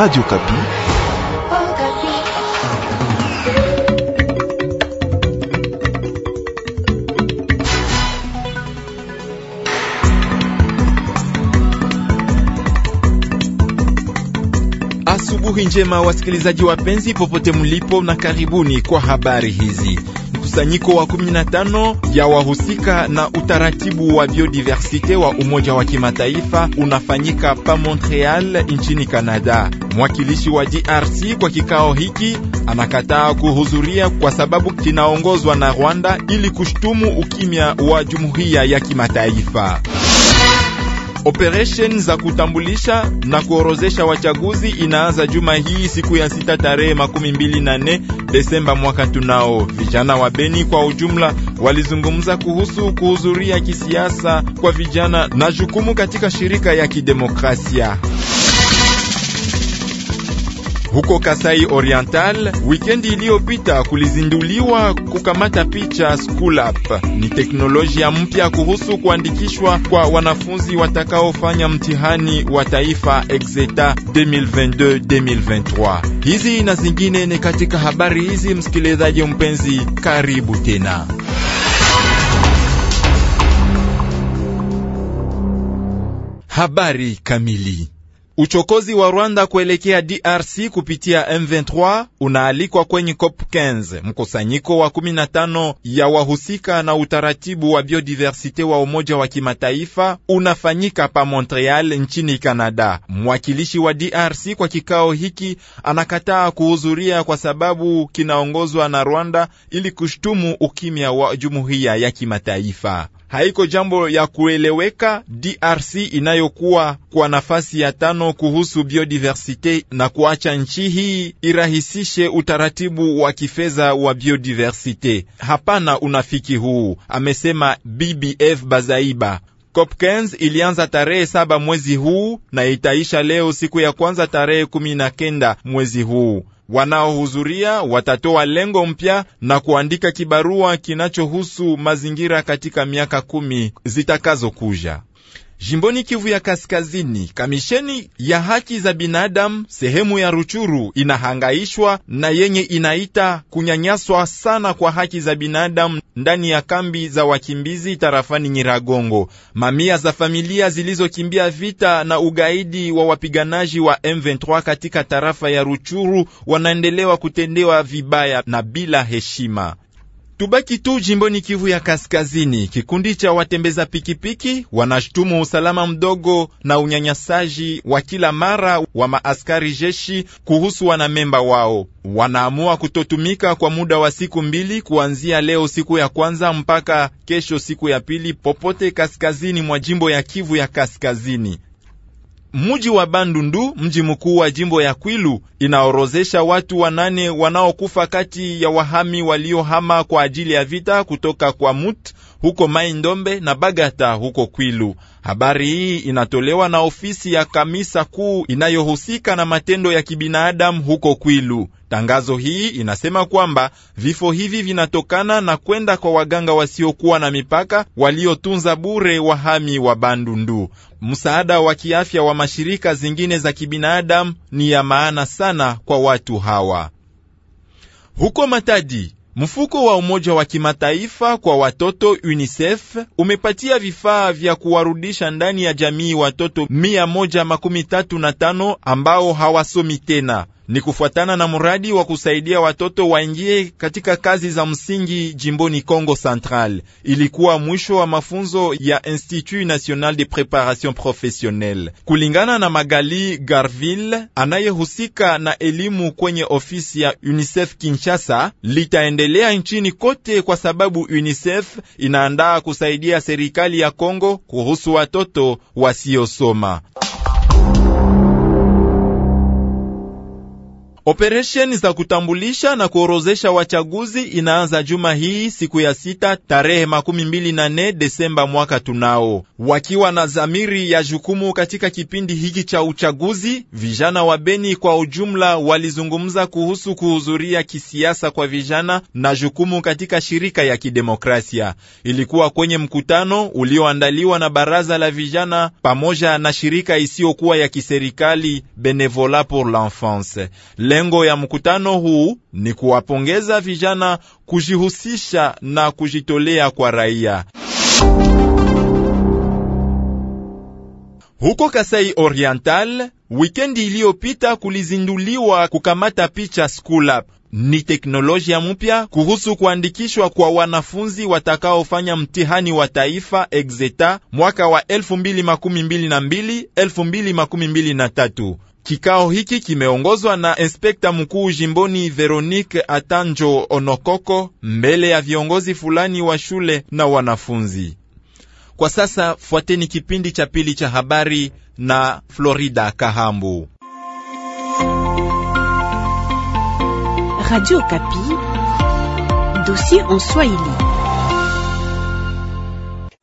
Radio Kapi. Asubuhi njema wasikilizaji wapenzi popote mlipo, na karibuni kwa habari hizi. Mkusanyiko wa 15 ya wahusika na utaratibu wa biodiversite wa Umoja wa Kimataifa unafanyika pa Montreal nchini Kanada. Mwakilishi wa DRC kwa kikao hiki anakataa kuhudhuria kwa sababu kinaongozwa na Rwanda ili kushtumu ukimya wa jumuiya ya kimataifa. Operation za kutambulisha na kuorozesha wachaguzi inaanza juma hii siku ya sita tarehe makumi mbili na nne Desemba mwaka tunao. Vijana wa Beni kwa ujumla walizungumza kuhusu kuhudhuria kisiasa kwa vijana na jukumu katika shirika ya kidemokrasia. Huko Kasai Oriental wikendi iliyopita kulizinduliwa kukamata picha School App. Ni teknolojia mpya kuhusu kuandikishwa kwa wanafunzi watakaofanya mtihani wa taifa Exeta 2022-2023. Hizi na zingine ni katika habari hizi. Msikilizaji mpenzi, karibu tena. Habari kamili Uchokozi wa Rwanda kuelekea DRC kupitia M23 unaalikwa kwenye COP 15, mkusanyiko wa 15 ya wahusika na utaratibu wa biodiversite wa Umoja wa Kimataifa unafanyika pa Montreal nchini canada Mwakilishi wa DRC kwa kikao hiki anakataa kuhudhuria kwa sababu kinaongozwa na Rwanda ili kushtumu ukimya wa jumuiya ya kimataifa haiko jambo ya kueleweka. DRC inayokuwa kwa nafasi ya tano kuhusu biodiversite na kuacha nchi hii irahisishe utaratibu wa kifedha wa biodiversite. Hapana unafiki huu, amesema BBF Bazaiba. COP15 ilianza tarehe saba mwezi huu na itaisha leo siku ya kwanza tarehe kumi na kenda mwezi huu wanaohudhuria watatoa lengo mpya na kuandika kibarua kinachohusu mazingira katika miaka kumi zitakazokuja. Jimboni Kivu ya Kaskazini, kamisheni ya haki za binadamu sehemu ya Ruchuru inahangaishwa na yenye inaita kunyanyaswa sana kwa haki za binadamu ndani ya kambi za wakimbizi tarafani Nyiragongo. Mamia za familia zilizokimbia vita na ugaidi wa wapiganaji wa M23 katika tarafa ya Ruchuru wanaendelewa kutendewa vibaya na bila heshima. Tubaki tu jimboni Kivu ya Kaskazini. Kikundi cha watembeza pikipiki wanashutumu usalama mdogo na unyanyasaji wa kila mara wa maaskari jeshi kuhusu wanamemba wao. Wanaamua kutotumika kwa muda wa siku mbili kuanzia leo siku ya kwanza mpaka kesho siku ya pili popote kaskazini mwa jimbo ya Kivu ya Kaskazini. Mji wa Bandundu, mji mkuu wa jimbo ya Kwilu, inaorozesha watu wanane wanaokufa kati ya wahami waliohama kwa ajili ya vita kutoka kwa Mut huko Mai Ndombe na Bagata huko Kwilu. Habari hii inatolewa na ofisi ya kamisa kuu inayohusika na matendo ya kibinadamu huko Kwilu. Tangazo hii inasema kwamba vifo hivi vinatokana na kwenda kwa waganga wasiokuwa na mipaka waliotunza bure wahami wa Bandundu. Msaada wa kiafya wa mashirika zingine za kibinadamu ni ya maana sana kwa watu hawa. Huko Matadi Mfuko wa Umoja wa Kimataifa kwa watoto UNICEF umepatia vifaa vya kuwarudisha ndani ya jamii watoto 135 ambao hawasomi tena ni kufuatana na mradi wa kusaidia watoto waingie katika kazi za msingi jimboni congo Central. Ilikuwa mwisho wa mafunzo ya Institut National de Preparation Professionnelle. Kulingana na Magali Garville anayehusika na elimu kwenye ofisi ya UNICEF Kinshasa, litaendelea nchini kote kwa sababu UNICEF inaandaa kusaidia serikali ya congo kuhusu watoto wasiosoma. Operesheni za kutambulisha na kuorozesha wachaguzi inaanza juma hii siku ya sita tarehe makumi mbili na nne Desemba mwaka tunao. Wakiwa na zamiri ya jukumu katika kipindi hiki cha uchaguzi, vijana wa Beni kwa ujumla walizungumza kuhusu kuhudhuria kisiasa kwa vijana na jukumu katika shirika ya kidemokrasia. Ilikuwa kwenye mkutano ulioandaliwa na baraza la vijana pamoja na shirika isiyokuwa ya kiserikali Benevola pour l'enfance. Lengo ya mkutano huu ni kuwapongeza vijana kujihusisha na kujitolea kwa raia. Huko Kasai Oriental, wikendi iliyopita kulizinduliwa kukamata picha School Up. Ni teknolojia mpya kuhusu kuandikishwa kwa wanafunzi watakaofanya mtihani wa taifa exeta mwaka wa 2022 2023. Kikao hiki kimeongozwa na inspekta mkuu jimboni Veronique Atanjo Onokoko mbele ya viongozi fulani wa shule na wanafunzi. Kwa sasa fuateni kipindi cha pili cha habari na Florida Kahambu. Radio Kapi, dossier en Swahili.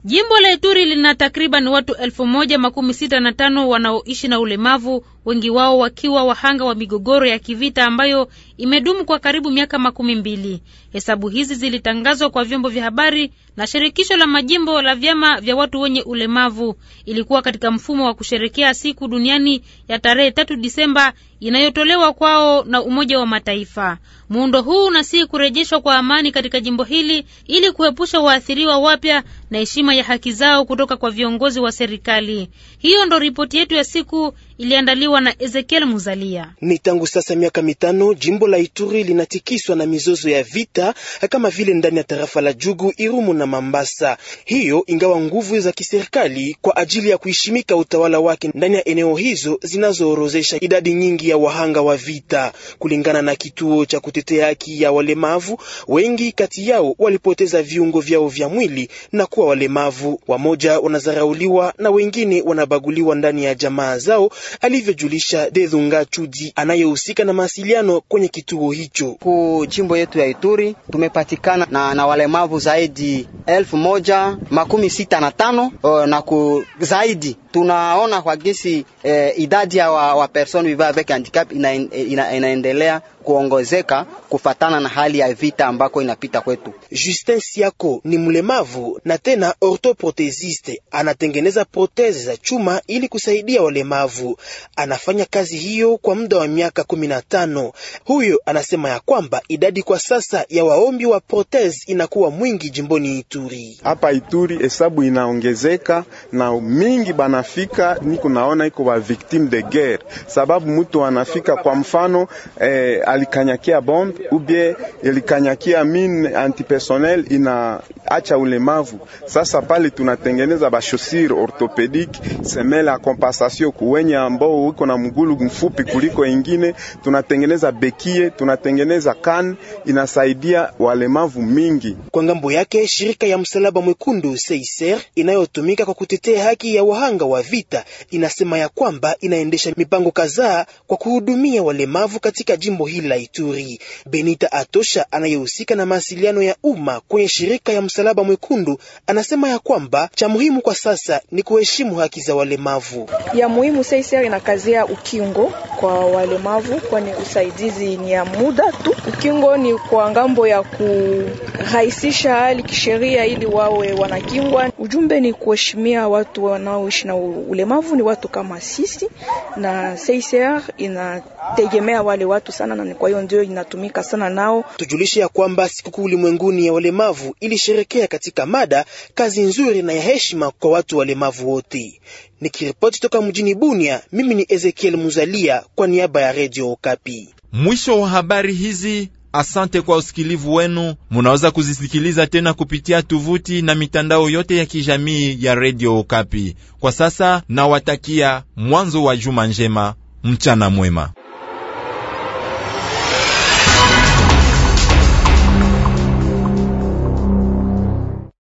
Jimbo la Ituri lina takriban watu elfu moja makumi sita na tano wanaoishi na ulemavu wengi wao wakiwa wahanga wa migogoro ya kivita ambayo imedumu kwa karibu miaka makumi mbili. Hesabu hizi zilitangazwa kwa vyombo vya habari na shirikisho la majimbo la vyama vya watu wenye ulemavu. Ilikuwa katika mfumo wa kusherekea siku duniani ya tarehe tatu Disemba inayotolewa kwao na Umoja wa Mataifa. Muundo huu unasihi kurejeshwa kwa amani katika jimbo hili ili kuepusha waathiriwa wapya na heshima ya haki zao kutoka kwa viongozi wa serikali. Hiyo ndo ripoti yetu ya siku iliandaliwa alihojiwa na Ezekiel Muzalia. Ni tangu sasa miaka mitano jimbo la Ituri linatikiswa na mizozo ya vita kama vile ndani ya tarafa la Jugu, Irumu na Mambasa. Hiyo ingawa nguvu za kiserikali kwa ajili ya kuheshimika utawala wake ndani ya eneo hizo zinazoorozesha idadi nyingi ya wahanga wa vita. Kulingana na kituo cha kutetea haki ya walemavu, wengi kati yao walipoteza viungo vyao vya mwili na kuwa walemavu. Wamoja wanazarauliwa na wengine wanabaguliwa ndani ya jamaa zao alivyo anavyojulisha Dezunga Chudi anayehusika na mawasiliano kwenye kituo hicho. Ku jimbo yetu ya Ituri tumepatikana na, na walemavu zaidi elfu moja makumi sita na tano o, eh, na ku zaidi tunaona kwa gisi eh, idadi ya wa, wa person viva avec handicap ina, ina, inaendelea kuongozeka kufatana na hali ya vita ambako inapita kwetu. Justin Siako ni mlemavu na tena orthoprothesiste, anatengeneza proteze za chuma ili kusaidia walemavu. Anafanya kazi hiyo kwa muda wa miaka kumi na tano. Huyo anasema ya kwamba idadi kwa sasa ya waombi wa protezi inakuwa mwingi jimboni Ituri. Hapa Ituri hesabu inaongezeka na mingi bana nafika niko naona iko wa victim de guerre, sababu mtu anafika kwa mfano eh, alikanyakia bombe ubie alikanyakia mine antipersonnel ina acha ulemavu. Sasa pale tunatengeneza ba chaussure orthopedic semela compensation kompensation kuwenye ambao uko na mgulu mfupi kuliko ingine, tunatengeneza bekie, tunatengeneza kan, inasaidia walemavu mingi. Kwa ngambo yake shirika ya msalaba mwekundu Seiser inayotumika kwa kutetea haki ya wahanga wa wa Vita inasema ya kwamba inaendesha mipango kadhaa kwa kuhudumia walemavu katika jimbo hili la Ituri. Benita Atosha anayehusika na mawasiliano ya umma kwenye shirika ya Msalaba Mwekundu anasema ya kwamba cha muhimu kwa sasa ni kuheshimu haki za walemavu. Ya muhimu sasa inakazia ukingo kwa walemavu, kwani usaidizi ni ya muda tu. Ukingo ni kwa ngambo ya kurahisisha hali kisheria, ili wawe wanakingwa Ujumbe ni kuheshimia watu wanaoishi na ulemavu, ni watu kama sisi, na CICR inategemea wale watu sana, na kwa hiyo ndio inatumika sana nao. Tujulishe ya kwamba sikukuu ulimwenguni ya walemavu ilisherekea katika mada kazi nzuri na ya heshima kwa watu walemavu wote. Nikiripoti toka mjini Bunia, mimi ni Ezekiel Muzalia kwa niaba ya Radio Okapi. Mwisho wa habari hizi. Asante kwa usikilivu wenu. Munaweza kuzisikiliza tena kupitia tuvuti na mitandao yote ya kijamii ya Redio Okapi. Kwa sasa nawatakia mwanzo wa juma njema, mchana mwema.